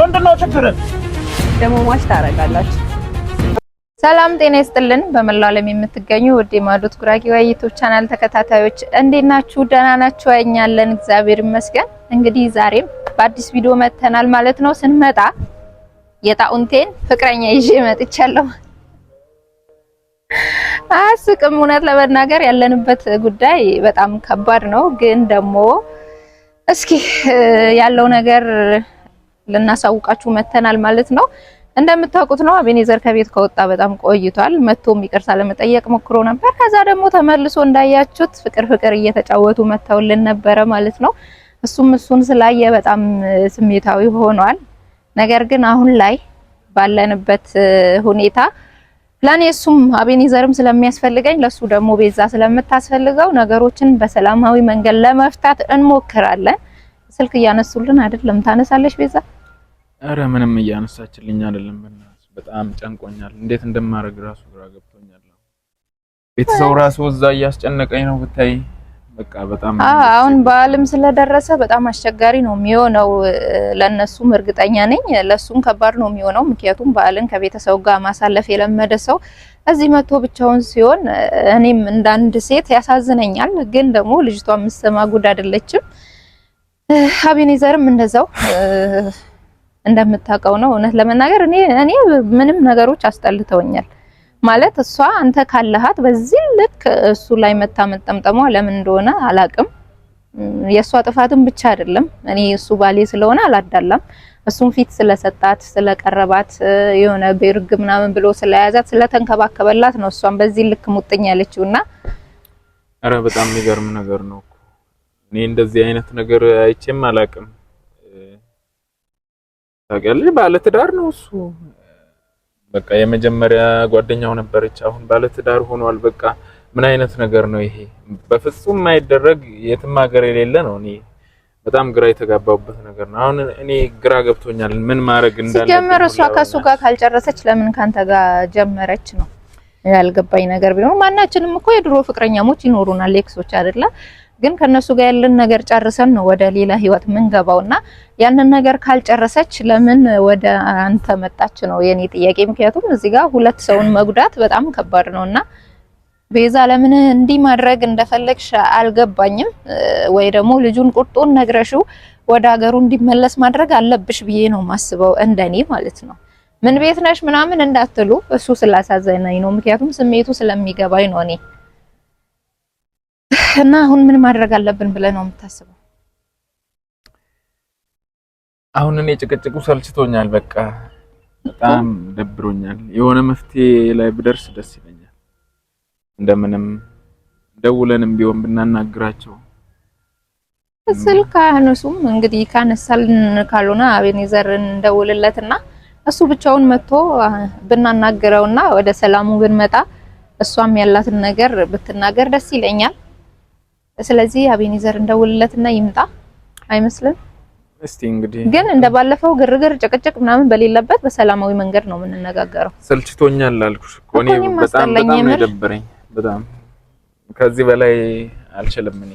ምንድነው ችግር ደግሞ ማሽ ታረጋላችሁ። ሰላም ጤና ይስጥልን። በመላው ዓለም የምትገኙ ውድ የማዶት ጉራጌ ዩቲዩብ ቻናል ተከታታዮች እንዴት ናችሁ? ደህና ናችሁ? ያኛለን እግዚአብሔር ይመስገን። እንግዲህ ዛሬም በአዲስ ቪዲዮ መጥተናል ማለት ነው። ስንመጣ የጣውንቴን ፍቅረኛ ይዤ መጥቻለሁ። አያስቅም። እውነት ለመናገር ያለንበት ጉዳይ በጣም ከባድ ነው፣ ግን ደግሞ እስኪ ያለው ነገር ልናሳውቃችሁ መተናል ማለት ነው። እንደምታውቁት ነው አቤኔዘር ከቤት ከወጣ በጣም ቆይቷል። መጥቶም ይቅርታ ለመጠየቅ ሞክሮ ነበር። ከዛ ደግሞ ተመልሶ እንዳያችሁት ፍቅር ፍቅር እየተጫወቱ መተውልን ነበረ ማለት ነው። እሱም እሱን ስላየ በጣም ስሜታዊ ሆኗል። ነገር ግን አሁን ላይ ባለንበት ሁኔታ ለእኔ እሱም አቤኔዘርም ስለሚያስፈልገኝ ለሱ ደግሞ ቤዛ ስለምታስፈልገው ነገሮችን በሰላማዊ መንገድ ለመፍታት እንሞክራለን። ስልክ እያነሱልን አይደለም። ታነሳለች ቤዛ? አረ ምንም እያነሳችልኝ አይደለም። በጣም ጨንቆኛል። እንዴት እንደማደርግ ራሱ ግራ ገብቶኛል። ራሱ እዛ እያስጨነቀኝ ነው ብታይ አሁን በዓልም ስለደረሰ በጣም አስቸጋሪ ነው የሚሆነው። ለነሱም እርግጠኛ ነኝ ለሱም ከባድ ነው የሚሆነው። ምክንያቱም በዓልን ከቤተሰቡ ጋር ማሳለፍ የለመደ ሰው እዚህ መጥቶ ብቻውን ሲሆን እኔም እንደ አንድ ሴት ያሳዝነኛል። ግን ደግሞ ልጅቷ የምትሰማ ጉድ አይደለችም። አቤኔዘርም እንደዛው እንደምታውቀው ነው። እውነት ለመናገር እኔ እኔ ምንም ነገሮች አስጠልተውኛል። ማለት እሷ አንተ ካለሃት በዚህ ልክ እሱ ላይ መታ መጠምጠሟ ለምን እንደሆነ አላቅም። የእሷ ጥፋትም ብቻ አይደለም። እኔ እሱ ባሌ ስለሆነ አላዳላም። እሱን ፊት ስለሰጣት ስለቀረባት፣ የሆነ ብርግ ምናምን ብሎ ስለያዛት ስለተንከባከበላት ነው እሷም በዚህ ልክ ሙጥኝ ያለችው እና ኧረ በጣም የሚገርም ነገር ነው። እኔ እንደዚህ አይነት ነገር አይቼም አላቅም። ታውቂያለሽ፣ ባለ ነው እሱ በቃ የመጀመሪያ ጓደኛው ነበረች፣ አሁን ባለትዳር ሆኗል። በቃ ምን አይነት ነገር ነው ይሄ? በፍጹም የማይደረግ የትም ሀገር የሌለ ነው። እኔ በጣም ግራ የተጋባሁበት ነገር ነው። አሁን እኔ ግራ ገብቶኛል፣ ምን ማድረግ እንዳለ ሲጀመር። እሷ ከሱ ጋር ካልጨረሰች ለምን ካንተ ጋር ጀመረች ነው ያልገባኝ ነገር ቢሆን ማናችንም እኮ የድሮ ፍቅረኛሞች ይኖሩናል፣ ኤክሶች አይደለ ግን ከነሱ ጋር ያለን ነገር ጨርሰን ነው ወደ ሌላ ህይወት ምንገባውና ያንን ነገር ካልጨረሰች ለምን ወደ አንተ መጣች ነው የኔ ጥያቄ። ምክንያቱም እዚህ ጋር ሁለት ሰውን መጉዳት በጣም ከባድ ነውና ቤዛ ለምን እንዲህ ማድረግ እንደፈለግሽ አልገባኝም። ወይ ደግሞ ልጁን ቁርጡን ነግረሽው ወደ ሀገሩ እንዲመለስ ማድረግ አለብሽ ብዬ ነው ማስበው፣ እንደኔ ማለት ነው። ምን ቤት ነሽ ምናምን እንዳትሉ እሱ ስላሳዘነኝ ነው። ምክንያቱም ስሜቱ ስለሚገባኝ ነው እኔ እና አሁን ምን ማድረግ አለብን ብለህ ነው የምታስበው? አሁን እኔ ጭቅጭቁ ሰልችቶኛል። በቃ በጣም ደብሮኛል። የሆነ መፍትሄ ላይ ብደርስ ደስ ይለኛል። እንደምንም ደውለንም ቢሆን ብናናግራቸው ስልክ አያነሱም። እንግዲህ ካነሳልን ካልሆነ አቤኔዘርን እንደውልለትና እሱ ብቻውን መጥቶ ብናናግረውና ወደ ሰላሙ ብንመጣ እሷም ያላትን ነገር ብትናገር ደስ ይለኛል። ስለዚህ አቤኒዘር እንደውልለትና ይምጣ አይመስልም? እስቲ እንግዲህ ግን እንደባለፈው ግርግር፣ ጭቅጭቅ ምናምን በሌለበት በሰላማዊ መንገድ ነው የምንነጋገረው። ሰልችቶኛል አልኩሽ እኮ እኔ በጣም በጣም የደበረኝ። በጣም ከዚህ በላይ አልችልም እኔ።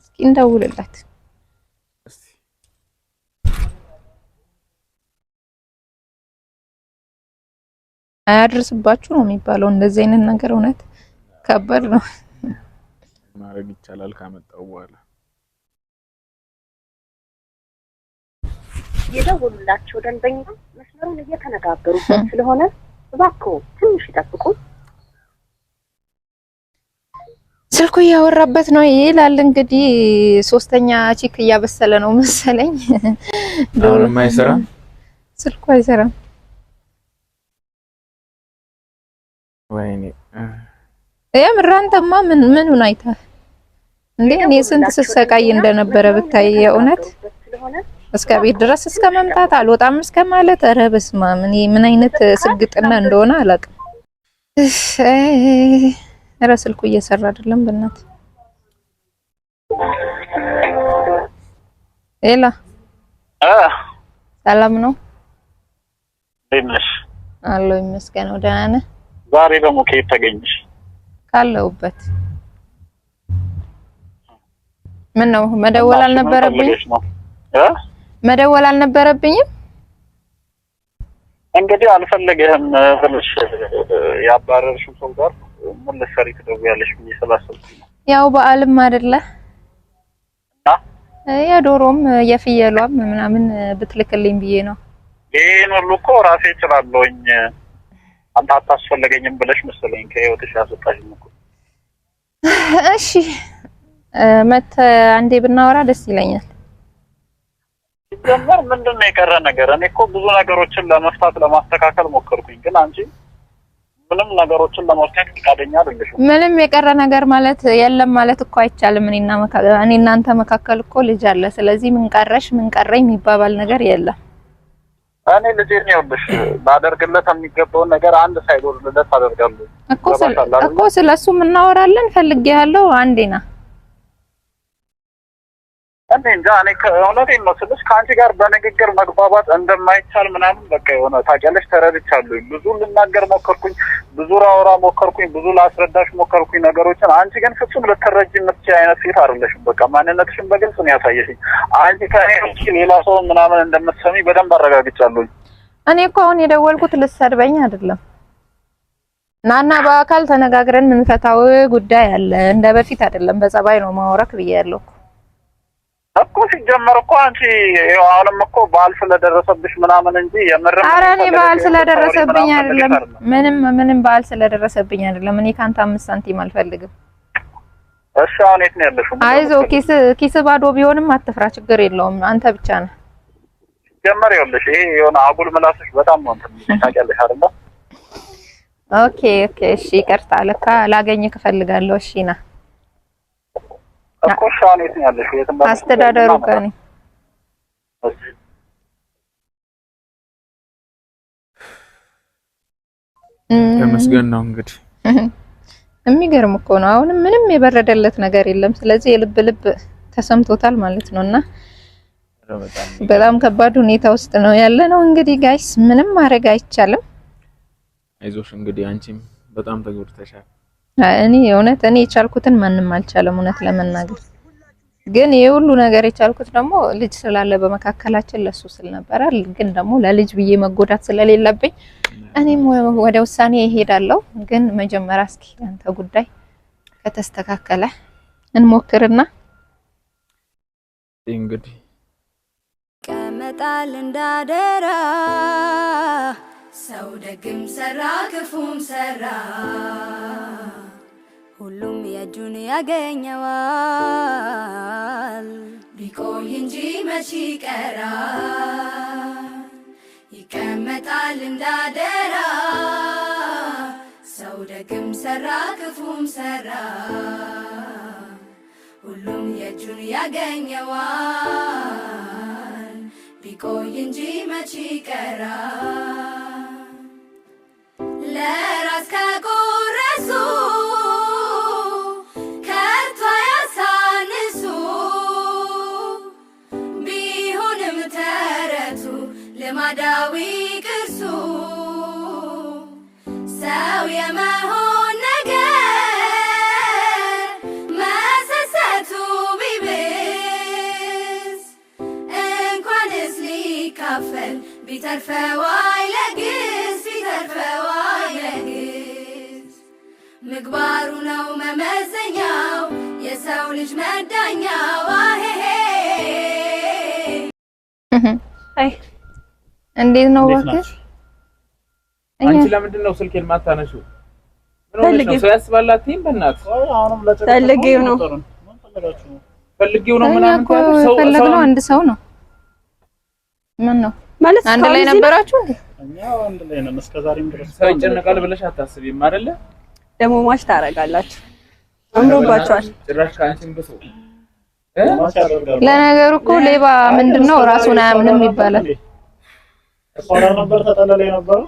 እስኪ እንደውልለት አያድርስባችሁ ነው የሚባለው እንደዚህ አይነት ነገር እውነት ከባድ ነው ማድረግ ይቻላል ካመጣው በኋላ የደወሉላቸው ደንበኛ መስመሩን እየተነጋገሩበት ስለሆነ እባክዎ ትንሽ ይጠብቁ ስልኩ እያወራበት ነው ይላል እንግዲህ ሶስተኛ ቺክ እያበሰለ ነው መሰለኝ ደውሉም አይሰራም ስልኩ አይሰራም ወይኔ የምር አንተማ ምን ምኑን አይተህ እንዴ? እኔ ስንት ስሰቃይ እንደነበረ ብታይ የእውነት እስከ ቤት ድረስ እስከ መምጣት አልወጣም እስከ ማለት። ኧረ በስመ አብ እኔ ምን አይነት ስግጥና እንደሆነ አላውቅም። ኧረ ስልኩ እየሰራ አይደለም በእናት ሄላ ሰላም ነው? አለሁ ይመስገነው። ደህና ነህ? ዛሬ ደግሞ ከየት ተገኘሽ? ካለሁበት። ምን ነው መደወል አልነበረብኝም? መደወል አልነበረብኝም? እንግዲህ አልፈለገህም ብለሽ ያባረርሽው ሰው ጋር ምን ልትሰሪ ትደውያለሽ ብዬ ስላሰብኩኝ ነው። ያው በዓልም አይደለ የዶሮም የፍየሏም ምናምን ብትልክልኝ ብዬ ነው። ይሄን ሁሉ እኮ ራሴ እችላለሁኝ። አንተ አታስፈለገኝም ብለሽ መሰለኝ ከህይወትሽ ያስወጣሽ ነው። እሺ መተ አንዴ ብናወራ ደስ ይለኛል። ጀመር ምንድን ነው የቀረ ነገር? እኔ እኮ ብዙ ነገሮችን ለመፍታት ለማስተካከል ሞከርኩኝ፣ ግን አንቺ ምንም ነገሮችን ለመፍታት ፈቃደኛ አይደለሽም። ምንም የቀረ ነገር ማለት የለም ማለት እኮ አይቻልም። እኔና እናንተ መካከል እኮ ልጅ አለ። ስለዚህ ምን ቀረሽ ምን ቀረኝ የሚባባል ነገር የለም። እኔ ልጄ ይኸውልሽ ባደርግለት የሚገባውን ነገር አንድ ሳይጎልለት አደርጋለሁ እኮ ስለሱ የምናወራለን ፈልጌ ያለው አንዴ ና እንዴ እንጃ እኔ እውነቴን ነው ስልሽ ከአንቺ ጋር በንግግር መግባባት እንደማይቻል ምናምን በቃ የሆነ ታውቂያለሽ፣ ተረድቻለሁ። ብዙ ልናገር ሞከርኩኝ፣ ብዙ ላወራ ሞከርኩኝ፣ ብዙ ላስረዳሽ ሞከርኩኝ ነገሮችን። አንቺ ግን ፍጹም ልትረጂ የምትችይ አይነት ሴት አይደለሽም። በቃ ማንነትሽን በግልጽ ነው ያሳየሽኝ። አንቺ ከኔ ውጪ ሌላ ሰው ምናምን እንደምትሰሚ በደንብ አረጋግጫለሁኝ። እኔ እኮ አሁን የደወልኩት ልትሰድበኝ አይደለም። ናና በአካል ተነጋግረን የምንፈታው ጉዳይ አለ። እንደ በፊት አይደለም፣ በጸባይ ነው ማውራክ ብዬ ያለሁ እኮ ሲጀመር እኮ አንቺ አሁንም እኮ በዓል ስለደረሰብሽ ምናምን እንጂ የምር ኧረ እኔ በዓል ስለደረሰብኝ አይደለም። ምንም ምንም በዓል ስለደረሰብኝ አይደለም። እኔ ከአንተ አምስት ሳንቲም አልፈልግም። እሺ አሁን የት ነው ያለሽው? አይዞህ ኪስ ኪስ ባዶ ቢሆንም አትፍራ፣ ችግር የለውም። አንተ ብቻ ነህ። ሲጀመር ይኸውልሽ ይሄ የሆነ አጉል ምላስሽ በጣም ነው እንትን ታውቂያለሽ አይደለ? ኦኬ ኦኬ እሺ፣ ይቅርታ። ለካ ላገኝህ እፈልጋለሁ። እሺ ና እኮ እሺ፣ የት ነው ያለሽው? የትም አስተዳደሩ ጋር ነኝ። ተመስገን ነው እንግዲህ። የሚገርም እኮ ነው። አሁንም ምንም የበረደለት ነገር የለም። ስለዚህ የልብ ልብ ተሰምቶታል ማለት ነው እና በጣም ከባድ ሁኔታ ውስጥ ነው ያለ ነው እንግዲህ ጋይስ፣ ምንም ማድረግ አይቻልም። አይዞሽ እንግዲህ አንቺም በጣም ተጎድተሻል። እኔ እውነት እኔ የቻልኩትን ማንም አልቻለም። እውነት ለመናገር ግን ይሄ ሁሉ ነገር የቻልኩት ደግሞ ልጅ ስላለ በመካከላችን ለሱ ስል ነበረ። ግን ደግሞ ለልጅ ብዬ መጎዳት ስለሌለብኝ እኔም ወደ ውሳኔ ይሄዳለሁ። ግን መጀመሪያ እስኪ አንተ ጉዳይ ከተስተካከለ እንሞክርና እንግዲህ ቀመጣል እንዳደራ ሰው ደግም ሰራ ክፉም ሰራ ሁሉም የእጁን ያገኘዋል። ቢቆይ እንጂ መች ቀራ ይቀመጣል እንዳደራ። ሰው ደግም ሰራ ክፉም ሰራ ሁሉም የእጁን ያገኘዋል። ቢቆይ እንጂ መች ቀራ ሲካፈል ቢተርፈዋይ ለግስ ቢተርፈዋይ ለግስ ምግባሩ ነው መመዘኛው የሰው ልጅ መዳኛ አሄሄ እንዴት ነው እባክሽ? አንቺ ለምንድን ነው ስልኬን ማታነሺው? ፈልጌው ነው ፈልጌው ነው ምናምን ነው ሰው ነው ምን ነው ማለት አንድ ላይ ነበራችሁ እንዴ? አንድ ላይ ነን እስከ ዛሬም ድረስ። ሰው ይጨነቃል ብለሽ አታስቢም አይደለ? ደግሞ ማች ታረጋላችሁ፣ አምሮባችኋል። ጭራሽ ካንቺም ብሶ ለነገሩ እኮ ሌባ ምንድነው ራሱን አያምንም ይባላል። ተቆራ ነበር ተጠለለይ ነበር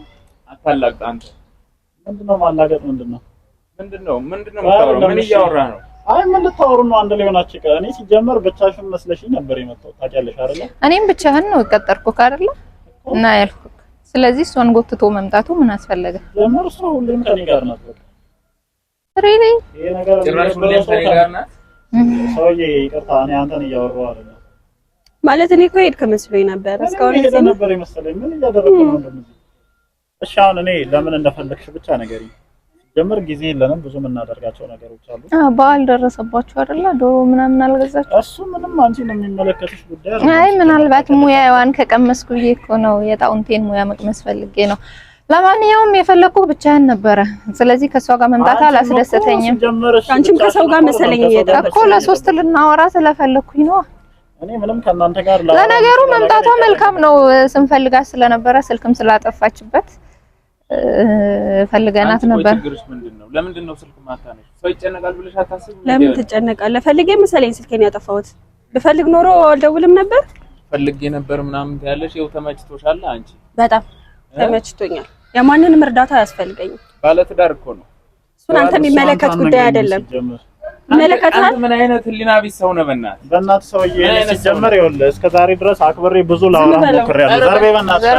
አታላቅ አንተ። ምንድነው ማላገጥ? ምንድነው ምንድነው ምንድነው? ምን እያወራህ ነው? አይ ምን ልታወሩ ነው? አንድ ላይ ሆናችሁ እኔ ሲጀመር ብቻሽን መስለሽኝ ነበር ታውቂያለሽ አይደለ? እኔም ብቻህን ነው አይደለ? እና ስለዚህ እሷን ጎትቶ መምጣቱ ምን አስፈለገ? ጀመር እሷ ሁሌም ከኔ ጋር ናት። በቃ ሪሊ ጭራሽ ሁሌም ከኔ ጋር ናት። ሰውዬ ይቅርታ፣ እኔ አንተን እያወራሁ ማለት እኔ እኮ ሄድክ መስሎኝ ነበር። እስካሁን ሄደ ነበር የመሰለኝ። ምን ነው እሺ አሁን እኔ ለምን እንደፈለግሽ ብቻ ጀምር ጊዜ የለንም። ብዙ የምናደርጋቸው ነገሮች አሉ። በዓል ደረሰባችሁ አይደለ? ዶሮ ምናምን አልገዛችሁ? እሱ ምንም አንቺን የሚመለከትሽ ጉዳይ አይ ምናልባት ሙያዋን ከቀመስኩ ብዬ እኮ ነው። የጣውንቴን ሙያ መቅመስ ፈልጌ ነው። ለማንኛውም የፈለኩ ብቻህን ነበረ። ስለዚህ ከሷ ጋር መምጣት አላስደሰተኝም። አንቺም ከሰው ጋር መሰለኝ እኮ ለሶስት ልናወራ ስለፈለኩኝ ነው። እኔ ምንም ከእናንተ ጋር ለነገሩ መምጣቷ መልካም ነው። ስንፈልጋት ስለነበረ ስልክም ስላጠፋችበት ፈልገናት ነበር። ለምንድን ነው ስልክ ለምን ትጨነቃለህ? ፈልጌ መሰለኝ ስልኬን ያጠፋሁት። ብፈልግ ኖሮ አልደውልም ነበር። ፈልጌ ነበር ምናምን ያለሽ። ይኸው ተመችቶሻል አንቺ? በጣም ተመችቶኛል። የማንንም እርዳታ አያስፈልገኝም። ባለ ትዳር እኮ ነው። እሱን አንተ የሚመለከት ጉዳይ አይደለም። ይመለከታል። ምን አይነት ህሊና ቢስ ሰው ነው? በእናትህ በእናት ሰውዬ ሲጀመር፣ ይኸውልህ እስከ ዛሬ ድረስ አክብሬ ብዙ ላወራ ሞክሬያለሁ። ዘርቤ በእናትህ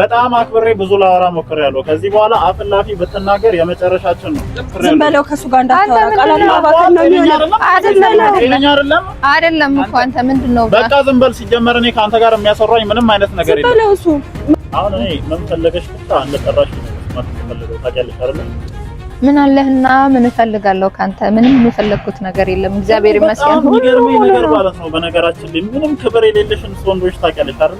በጣም አክብሬ ብዙ ላወራ ሞክሬያለሁ። ከዚህ በኋላ አፍላፊ ብትናገር የመጨረሻችን ነው። ዝም በለው ከሱ ጋር እንዳታወራ ቃል አለማባከን ነው የሚሆነው። አይደለም አይደለም እኮ አንተ ምንድን ነው በቃ ዝም በል። ሲጀመር እኔ ከአንተ ጋር የሚያሰራኝ ምንም አይነት ነገር የለም። ዝም በለው እሱ። አሁን እኔ ምን ፈለገሽ ብቻ እንደጠራሽ ነው ታውቂያለሽ አይደል? ምን አለህና ምን እፈልጋለሁ ካንተ? ምንም የፈለግኩት ነገር የለም። እግዚአብሔር ይመስገን። ሁሉ ነገር ማለት ነው። በነገራችን ላይ ምንም ክብር የሌለሽን ወንዶች ታውቂያለሽ አይደል?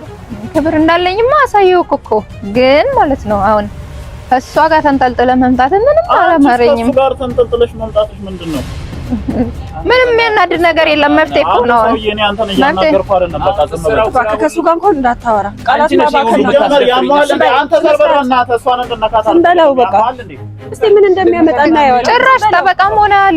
ክብር እንዳለኝማ አሳየው እኮ ግን ማለት ነው አሁን እሷ ጋር ተንጠልጥለ መምጣት ምንም አላማረኝም። እሷ ጋር ተንጠልጥለሽ መምጣትሽ ምንድን ነው? ምንም የሚያናድድ ነገር የለም። መፍትሄ እኮ ነው። ከእሱ ጋር እንኳን እንዳታወራ በለው። በቃ እስኪ ምን እንደሚያመጣ ጭራሽ ተበቃም ሆነሃል።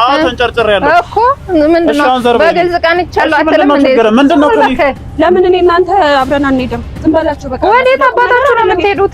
አዎ ተንጨርጭሬያለሁ እኮ ምንድን ነው በግልጽ ቀንቻለሁ አትልም እንዴ? ምንድን ነው ለምን እኔ እናንተ አብረን አንሄድም? ዝም በላችሁ በቃ። ወዴት አባታችሁ ነው የምትሄዱት?